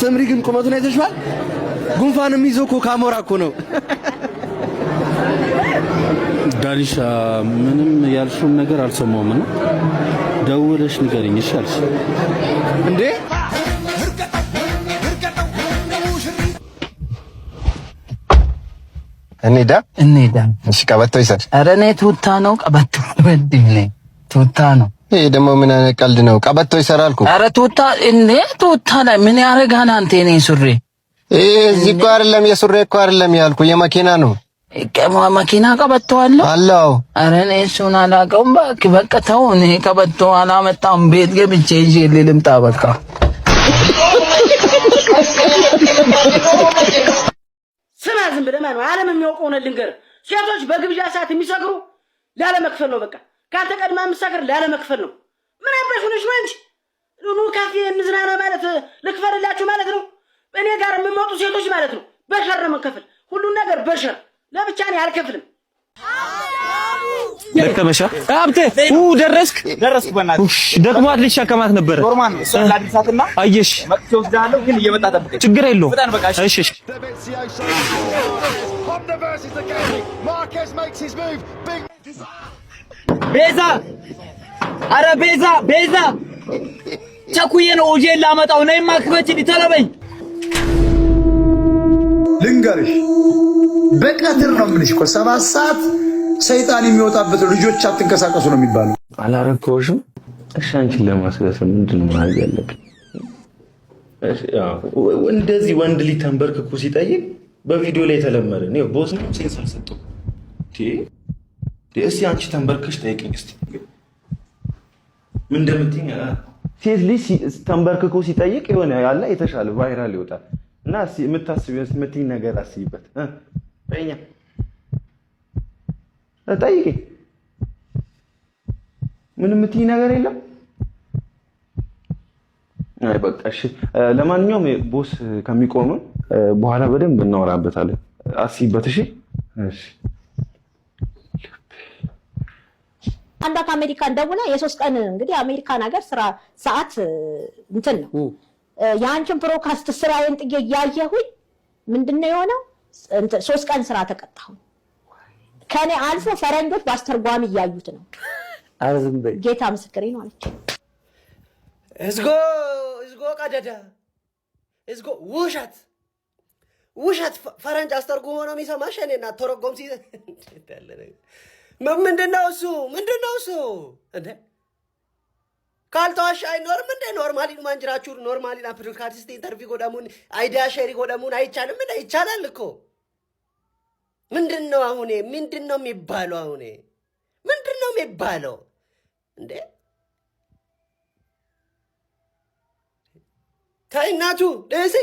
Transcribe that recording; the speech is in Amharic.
ስምሪ ግን ቁመቱን አይተሽዋል። ጉንፋን የሚይዘው እኮ ካሞራ እኮ ነው። ዳኒሻ ምንም ያልሽውን ነገር አልሰማሁም እና ደውለሽ ንገሪኝ ይሻልሽ እንዴ? እንሄዳ እንሄዳ። እሺ ቀበቶ ይሰጥ። ኧረ እኔ ቱታ ነው ቀበቶ ወንድም ነኝ ቱታ ነው ይሄ ደግሞ ምን አይነት ቀልድ ነው? ቀበቶ ይሰራል እኮ። ኧረ ቱታ እኔ ቱታ ላይ ምን ያረጋና አንተ እኔ ሱሪ እዚህ እኮ አይደለም፣ የሱሪ እኮ አይደለም ያልኩ የመኪና ነው። መኪና ቀበቶ አለው አለው። አረ እኔ እሱን አላውቀውም። እባክህ በቃ ተው። እኔ ቀበቶ አላመጣም። ቤት ገብቼ ይዤ ልምጣ በቃ። ስማ ዝም ብለህ ማለት ነው። ዓለም የሚያውቀውን ልንገርህ፣ ሴቶች በግብዣ ሰዓት የሚሰክሩ ላለመክፈል ነው በቃ ከአንተ ቀድማ የምትሰክር ላለመክፈል ነው። ምን አባሽ ሆነሽ ነው አንቺ? ኑ ካፌ እንዝናና ማለት ልክፈልላችሁ ማለት ነው። እኔ ጋር የምመጡ ሴቶች ማለት ነው በሸር ነው የምንከፍል፣ ሁሉን ነገር በሸር ለብቻ እኔ አልከፍልም። ደከመሻ ሀብቴ ኡ ደረስክ ደረስክ። በእናትህ ደክሟት ልትሸከማት ነበረ። ኖርማል እሷን ላድርሳትና አየሽ፣ ግን እየመጣ ጠብቀኝ። ችግር የለውም እሺ። ቤዛ፣ አረ ቤዛ፣ ቤዛ ቸኩዬ ነው ኦጄን ላመጣው። ነይማ ክፈችልኝ፣ ተለበኝ። ልንገርሽ በቀትር ነው የምልሽ እኮ ሰባት ሰዓት ሰይጣን የሚወጣበት ልጆች አትንቀሳቀሱ ነው የሚባለው። አላረከውሽም። እሺ አንቺን ለማስለስ ምንድን ማድረግ ያለብኝ? እንደዚህ ወንድ ልጅ ሲጠይቅ በቪዲዮ ላይ የተለመደ ቦስ ሴንስ አልሰጠሁም። እስቲ አንቺ ተንበርክሽ ጠይቀኝ እስቲ ምን ሴት ልጅ ተንበርክኮ ሲጠይቅ የሆነ ያለ የተሻለ ቫይራል ይወጣል እና ነገር አስይበት። ምን ነገር የለም። አይ በቃ እሺ። ለማንኛውም ቦስ ከሚቆምም በኋላ በደንብ እናወራበታለን። አስይበት። እሺ፣ እሺ። አንዷ ከአሜሪካን ደውላ የሶስት ቀን እንግዲህ አሜሪካን ሀገር ስራ ሰዓት እንትን ነው የአንችን ፕሮካስት ስራዬን ጥዬ እያየሁኝ ምንድን ነው የሆነው? ሶስት ቀን ስራ ተቀጣሁ። ከኔ አልፎ ፈረንጆች በአስተርጓሚ እያዩት ነው። ጌታ ምስክሬ ነው አለች። እዝጎ እዝጎ ቀደዳ እዝጎ ውሸት ውሸት፣ ፈረንጅ አስተርጉሞ ነው የሚሰማሽ። እኔና ተረጎም ሲዘ ምንድነው እሱ? ምንድነው እሱ? እንደ ካልተዋሽ አይኖርም እንደ ኖርማሊ ማንጅራችሁ ኖርማሊ ናፕዱል ካርቲስት ኢንተርቪ ጎደሙን አይዲያ ሸሪ ጎደሙን አይቻልም እንደ ይቻላል እኮ ምንድን ነው አሁን? ምንድን ነው የሚባለው? አሁን ምንድን ነው የሚባለው? እንዴ ታይ ደሴ